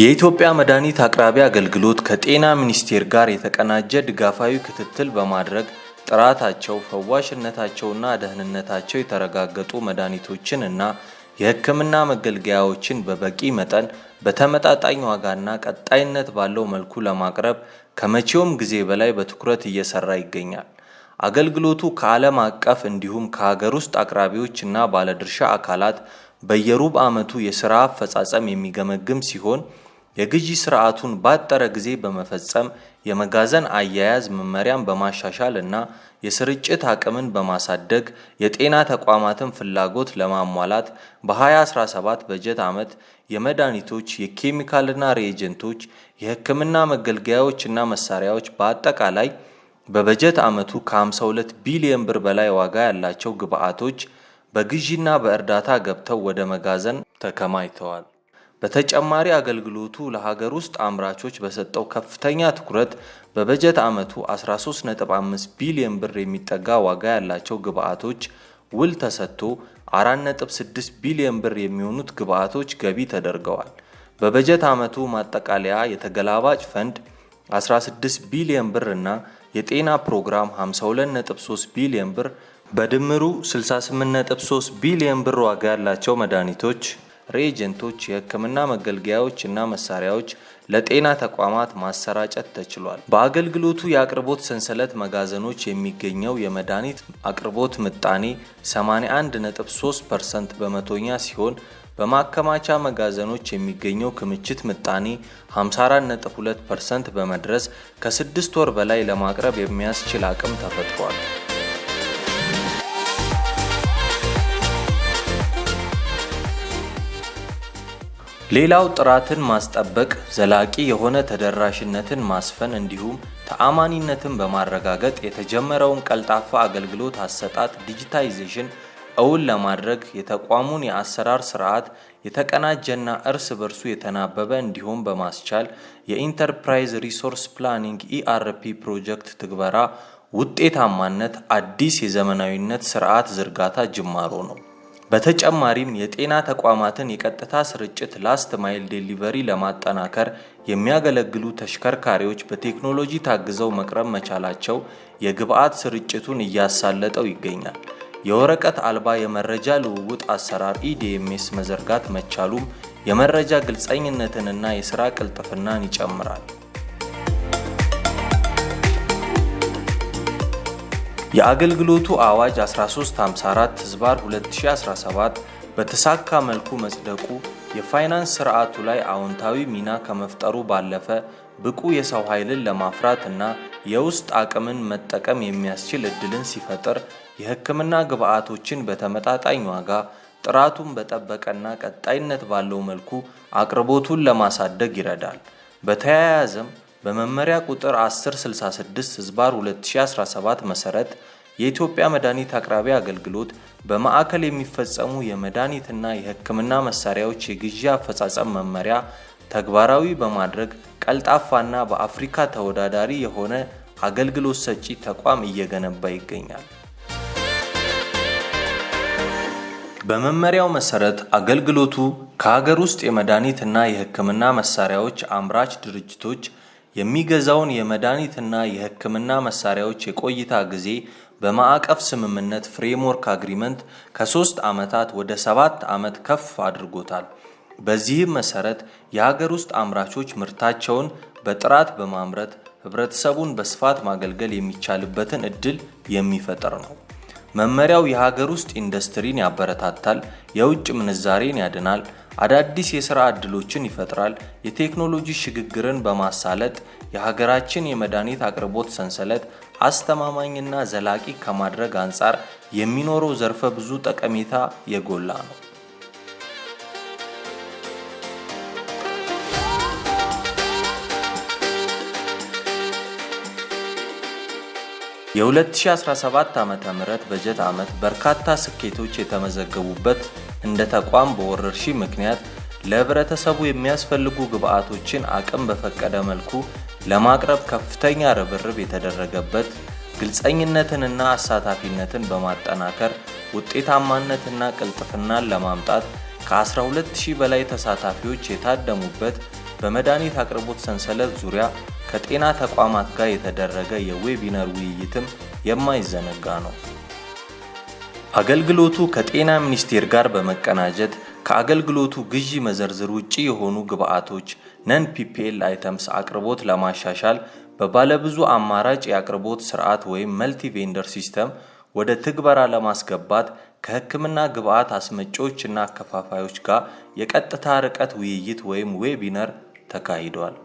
የኢትዮጵያ መድኃኒት አቅራቢ አገልግሎት ከጤና ሚኒስቴር ጋር የተቀናጀ ድጋፋዊ ክትትል በማድረግ ጥራታቸው፣ ፈዋሽነታቸውና ደህንነታቸው የተረጋገጡ መድኃኒቶችን እና የሕክምና መገልገያዎችን በበቂ መጠን በተመጣጣኝ ዋጋና ቀጣይነት ባለው መልኩ ለማቅረብ ከመቼውም ጊዜ በላይ በትኩረት እየሰራ ይገኛል። አገልግሎቱ ከዓለም አቀፍ እንዲሁም ከሀገር ውስጥ አቅራቢዎች እና ባለድርሻ አካላት በየሩብ ዓመቱ የሥራ አፈጻጸም የሚገመግም ሲሆን የግዢ ስርዓቱን ባጠረ ጊዜ በመፈጸም የመጋዘን አያያዝ መመሪያን በማሻሻል እና የስርጭት አቅምን በማሳደግ የጤና ተቋማትን ፍላጎት ለማሟላት በ2017 በጀት ዓመት የመድኃኒቶች፣ የኬሚካልና ሬጀንቶች፣ የህክምና መገልገያዎችና መሳሪያዎች በአጠቃላይ በበጀት ዓመቱ ከ52 ቢሊዮን ብር በላይ ዋጋ ያላቸው ግብዓቶች በግዢና በእርዳታ ገብተው ወደ መጋዘን ተከማይተዋል። በተጨማሪ አገልግሎቱ ለሀገር ውስጥ አምራቾች በሰጠው ከፍተኛ ትኩረት በበጀት ዓመቱ 13.5 ቢሊዮን ብር የሚጠጋ ዋጋ ያላቸው ግብዓቶች ውል ተሰጥቶ 4.6 ቢሊዮን ብር የሚሆኑት ግብዓቶች ገቢ ተደርገዋል። በበጀት ዓመቱ ማጠቃለያ የተገላባጭ ፈንድ 16 ቢሊዮን ብር እና የጤና ፕሮግራም 52.3 ቢሊዮን ብር በድምሩ 68.3 ቢሊዮን ብር ዋጋ ያላቸው መድኃኒቶች ሬጀንቶች፣ የህክምና መገልገያዎች እና መሳሪያዎች ለጤና ተቋማት ማሰራጨት ተችሏል። በአገልግሎቱ የአቅርቦት ሰንሰለት መጋዘኖች የሚገኘው የመድኃኒት አቅርቦት ምጣኔ 81.3 በመቶኛ ሲሆን በማከማቻ መጋዘኖች የሚገኘው ክምችት ምጣኔ 54.2 በመድረስ ከስድስት ወር በላይ ለማቅረብ የሚያስችል አቅም ተፈጥሯል። ሌላው ጥራትን ማስጠበቅ፣ ዘላቂ የሆነ ተደራሽነትን ማስፈን እንዲሁም ተአማኒነትን በማረጋገጥ የተጀመረውን ቀልጣፋ አገልግሎት አሰጣጥ ዲጂታይዜሽን እውን ለማድረግ የተቋሙን የአሰራር ስርዓት የተቀናጀና እርስ በርሱ የተናበበ እንዲሆን በማስቻል የኢንተርፕራይዝ ሪሶርስ ፕላኒንግ ኢአርፒ ፕሮጀክት ትግበራ ውጤታማነት አዲስ የዘመናዊነት ስርዓት ዝርጋታ ጅማሮ ነው። በተጨማሪም የጤና ተቋማትን የቀጥታ ስርጭት ላስት ማይል ዴሊቨሪ ለማጠናከር የሚያገለግሉ ተሽከርካሪዎች በቴክኖሎጂ ታግዘው መቅረብ መቻላቸው የግብአት ስርጭቱን እያሳለጠው ይገኛል። የወረቀት አልባ የመረጃ ልውውጥ አሰራር ኢዲኤምኤስ e መዘርጋት መቻሉም የመረጃ ግልጸኝነትንና የሥራ ቅልጥፍናን ይጨምራል። የአገልግሎቱ አዋጅ 1354 ህዝባር 2017 በተሳካ መልኩ መጽደቁ የፋይናንስ ስርዓቱ ላይ አዎንታዊ ሚና ከመፍጠሩ ባለፈ ብቁ የሰው ኃይልን ለማፍራት እና የውስጥ አቅምን መጠቀም የሚያስችል እድልን ሲፈጥር የህክምና ግብዓቶችን በተመጣጣኝ ዋጋ ጥራቱን በጠበቀና ቀጣይነት ባለው መልኩ አቅርቦቱን ለማሳደግ ይረዳል። በተያያዘም በመመሪያ ቁጥር 1066 ህዝባር 2017 መሰረት የኢትዮጵያ መድኃኒት አቅራቢ አገልግሎት በማዕከል የሚፈጸሙ የመድኃኒትና የሕክምና መሳሪያዎች የግዢ አፈጻጸም መመሪያ ተግባራዊ በማድረግ ቀልጣፋና በአፍሪካ ተወዳዳሪ የሆነ አገልግሎት ሰጪ ተቋም እየገነባ ይገኛል። በመመሪያው መሰረት አገልግሎቱ ከሀገር ውስጥ የመድኃኒትና የሕክምና መሳሪያዎች አምራች ድርጅቶች የሚገዛውን የመድኃኒትና የሕክምና መሳሪያዎች የቆይታ ጊዜ በማዕቀፍ ስምምነት ፍሬምወርክ አግሪመንት ከሶስት ዓመታት ወደ ሰባት ዓመት ከፍ አድርጎታል። በዚህም መሰረት የሀገር ውስጥ አምራቾች ምርታቸውን በጥራት በማምረት ህብረተሰቡን በስፋት ማገልገል የሚቻልበትን እድል የሚፈጥር ነው። መመሪያው የሀገር ውስጥ ኢንዱስትሪን ያበረታታል፣ የውጭ ምንዛሬን ያድናል፣ አዳዲስ የሥራ ዕድሎችን ይፈጥራል። የቴክኖሎጂ ሽግግርን በማሳለጥ የሀገራችን የመድኃኒት አቅርቦት ሰንሰለት አስተማማኝና ዘላቂ ከማድረግ አንጻር የሚኖረው ዘርፈ ብዙ ጠቀሜታ የጎላ ነው። የ2017 ም በጀት ዓመት በርካታ ስኬቶች የተመዘገቡበት እንደ ተቋም በወረርሽኝ ምክንያት ለህብረተሰቡ የሚያስፈልጉ ግብዓቶችን አቅም በፈቀደ መልኩ ለማቅረብ ከፍተኛ ርብርብ የተደረገበት ግልፀኝነትንና አሳታፊነትን በማጠናከር ውጤታማነትና ቅልጥፍናን ለማምጣት ከ12000 በላይ ተሳታፊዎች የታደሙበት በመድኃኒት አቅርቦት ሰንሰለት ዙሪያ ከጤና ተቋማት ጋር የተደረገ የዌቢነር ውይይትም የማይዘነጋ ነው። አገልግሎቱ ከጤና ሚኒስቴር ጋር በመቀናጀት ከአገልግሎቱ ግዢ መዘርዝር ውጪ የሆኑ ግብአቶች ነን ፒፒኤል አይተምስ አቅርቦት ለማሻሻል በባለብዙ አማራጭ የአቅርቦት ስርዓት ወይም መልቲ ቬንደር ሲስተም ወደ ትግበራ ለማስገባት ከሕክምና ግብአት አስመጪዎች እና አከፋፋዮች ጋር የቀጥታ ርቀት ውይይት ወይም ዌቢነር ተካሂዷል።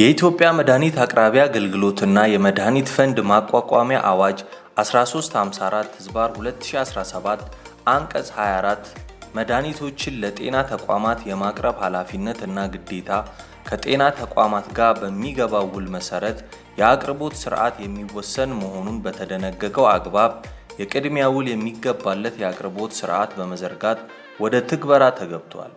የኢትዮጵያ መድኃኒት አቅራቢ አገልግሎትና የመድኃኒት ፈንድ ማቋቋሚያ አዋጅ 1354 ህዝባር 2017 አንቀጽ 24 መድኃኒቶችን ለጤና ተቋማት የማቅረብ ኃላፊነት እና ግዴታ ከጤና ተቋማት ጋር በሚገባው ውል መሰረት የአቅርቦት ስርዓት የሚወሰን መሆኑን በተደነገገው አግባብ የቅድሚያ ውል የሚገባለት የአቅርቦት ስርዓት በመዘርጋት ወደ ትግበራ ተገብቷል።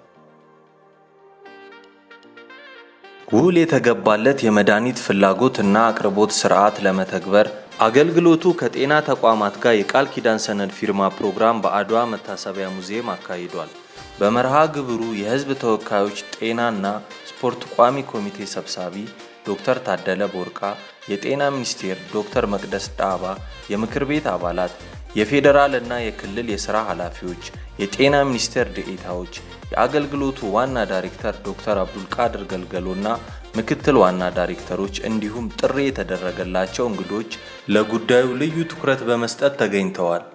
ውል የተገባለት የመድኃኒት ፍላጎት እና አቅርቦት ስርዓት ለመተግበር አገልግሎቱ ከጤና ተቋማት ጋር የቃል ኪዳን ሰነድ ፊርማ ፕሮግራም በአድዋ መታሰቢያ ሙዚየም አካሂዷል። በመርሃ ግብሩ የህዝብ ተወካዮች ጤናና ስፖርት ቋሚ ኮሚቴ ሰብሳቢ ዶክተር ታደለ ቦርቃ፣ የጤና ሚኒስቴር ዶክተር መቅደስ ዳባ፣ የምክር ቤት አባላት፣ የፌዴራል እና የክልል የሥራ ኃላፊዎች፣ የጤና ሚኒስቴር ዴኤታዎች፣ የአገልግሎቱ ዋና ዳይሬክተር ዶክተር አብዱልቃድር እና ምክትል ዋና ዳይሬክተሮች እንዲሁም ጥሪ የተደረገላቸው እንግዶች ለጉዳዩ ልዩ ትኩረት በመስጠት ተገኝተዋል።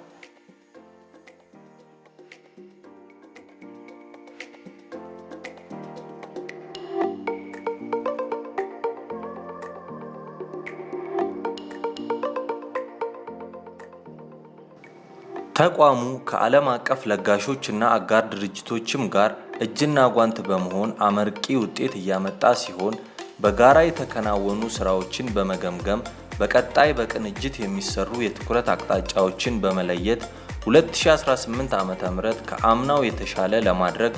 ተቋሙ ከዓለም አቀፍ ለጋሾችና አጋር ድርጅቶችም ጋር እጅና ጓንት በመሆን አመርቂ ውጤት እያመጣ ሲሆን በጋራ የተከናወኑ ስራዎችን በመገምገም በቀጣይ በቅንጅት የሚሰሩ የትኩረት አቅጣጫዎችን በመለየት 2018 ዓ ም ከአምናው የተሻለ ለማድረግ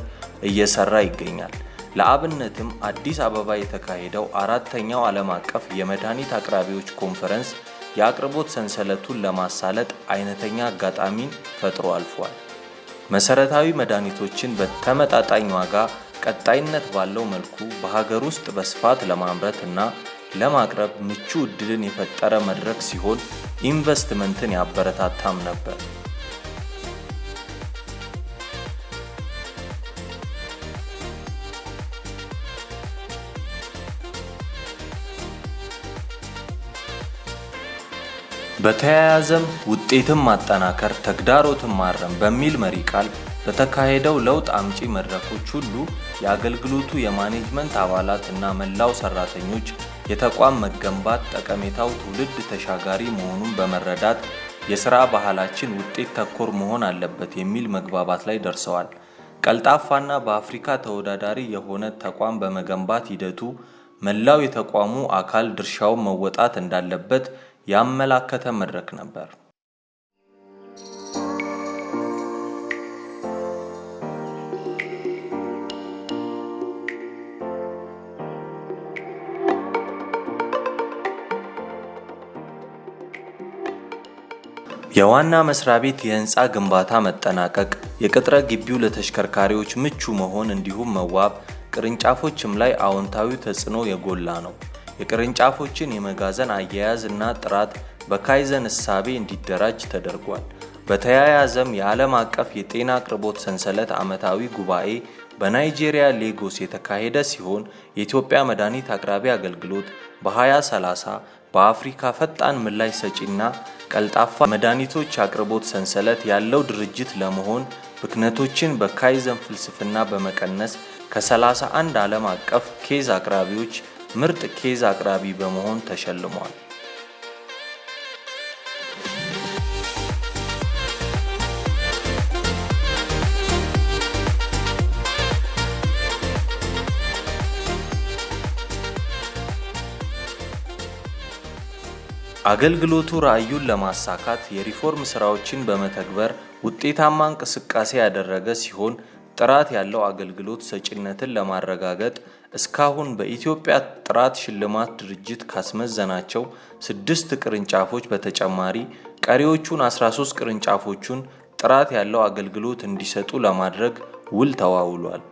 እየሰራ ይገኛል። ለአብነትም አዲስ አበባ የተካሄደው አራተኛው ዓለም አቀፍ የመድኃኒት አቅራቢዎች ኮንፈረንስ የአቅርቦት ሰንሰለቱን ለማሳለጥ አይነተኛ አጋጣሚን ፈጥሮ አልፏል። መሰረታዊ መድኃኒቶችን በተመጣጣኝ ዋጋ ቀጣይነት ባለው መልኩ በሀገር ውስጥ በስፋት ለማምረት እና ለማቅረብ ምቹ ዕድልን የፈጠረ መድረክ ሲሆን ኢንቨስትመንትን ያበረታታም ነበር። በተያያዘም ውጤትን ማጠናከር ተግዳሮትን ማረም በሚል መሪ ቃል በተካሄደው ለውጥ አምጪ መድረኮች ሁሉ የአገልግሎቱ የማኔጅመንት አባላት እና መላው ሰራተኞች የተቋም መገንባት ጠቀሜታው ትውልድ ተሻጋሪ መሆኑን በመረዳት የሥራ ባህላችን ውጤት ተኮር መሆን አለበት የሚል መግባባት ላይ ደርሰዋል። ቀልጣፋና በአፍሪካ ተወዳዳሪ የሆነ ተቋም በመገንባት ሂደቱ መላው የተቋሙ አካል ድርሻውን መወጣት እንዳለበት ያመላከተ መድረክ ነበር። የዋና መስሪያ ቤት የህንፃ ግንባታ መጠናቀቅ፣ የቅጥረ ግቢው ለተሽከርካሪዎች ምቹ መሆን እንዲሁም መዋብ ቅርንጫፎችም ላይ አዎንታዊ ተጽዕኖ የጎላ ነው። የቅርንጫፎችን የመጋዘን አያያዝ እና ጥራት በካይዘን እሳቤ እንዲደራጅ ተደርጓል። በተያያዘም የዓለም አቀፍ የጤና አቅርቦት ሰንሰለት ዓመታዊ ጉባኤ በናይጄሪያ ሌጎስ የተካሄደ ሲሆን የኢትዮጵያ መድኃኒት አቅራቢ አገልግሎት በ2030 በአፍሪካ ፈጣን ምላሽ ሰጪና ቀልጣፋ መድኃኒቶች አቅርቦት ሰንሰለት ያለው ድርጅት ለመሆን ብክነቶችን በካይዘን ፍልስፍና በመቀነስ ከ31 ዓለም አቀፍ ኬዝ አቅራቢዎች ምርጥ ኬዝ አቅራቢ በመሆን ተሸልሟል። አገልግሎቱ ራዕዩን ለማሳካት የሪፎርም ስራዎችን በመተግበር ውጤታማ እንቅስቃሴ ያደረገ ሲሆን ጥራት ያለው አገልግሎት ሰጭነትን ለማረጋገጥ እስካሁን በኢትዮጵያ ጥራት ሽልማት ድርጅት ካስመዘናቸው ስድስት ቅርንጫፎች በተጨማሪ ቀሪዎቹን 13 ቅርንጫፎቹን ጥራት ያለው አገልግሎት እንዲሰጡ ለማድረግ ውል ተዋውሏል።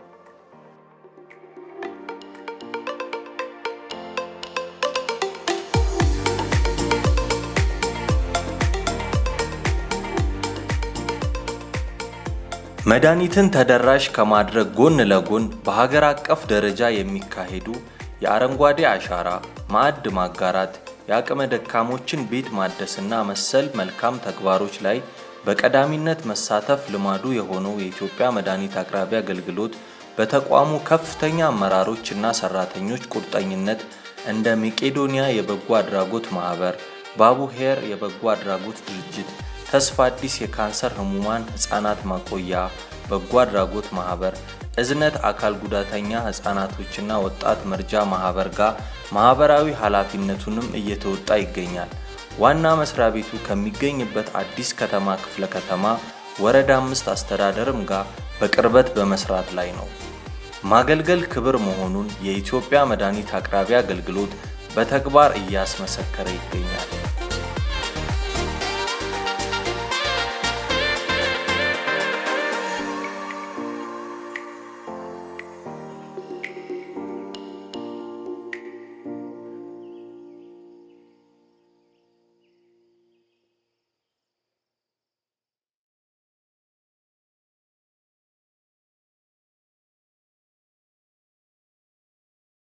መድኃኒትን ተደራሽ ከማድረግ ጎን ለጎን በሀገር አቀፍ ደረጃ የሚካሄዱ የአረንጓዴ አሻራ፣ ማዕድ ማጋራት፣ የአቅመ ደካሞችን ቤት ማደስና መሰል መልካም ተግባሮች ላይ በቀዳሚነት መሳተፍ ልማዱ የሆነው የኢትዮጵያ መድኃኒት አቅራቢ አገልግሎት በተቋሙ ከፍተኛ አመራሮች እና ሰራተኞች ቁርጠኝነት እንደ መቄዶንያ የበጎ አድራጎት ማህበር፣ ባቡሄር የበጎ አድራጎት ድርጅት ተስፋ አዲስ የካንሰር ህሙማን ህጻናት ማቆያ በጎ አድራጎት ማህበር እዝነት አካል ጉዳተኛ ህጻናቶችና ወጣት መርጃ ማህበር ጋር ማህበራዊ ኃላፊነቱንም እየተወጣ ይገኛል። ዋና መስሪያ ቤቱ ከሚገኝበት አዲስ ከተማ ክፍለ ከተማ ወረዳ አምስት አስተዳደርም ጋር በቅርበት በመስራት ላይ ነው። ማገልገል ክብር መሆኑን የኢትዮጵያ መድኃኒት አቅራቢ አገልግሎት በተግባር እያስመሰከረ ይገኛል።